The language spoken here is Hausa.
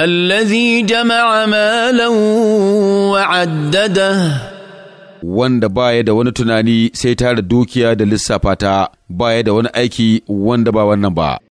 الذي جمع مالا وعدده wanda baya da wani tunani sai tara dukiya da lissafa ta baya da wani aiki wanda ba wannan ba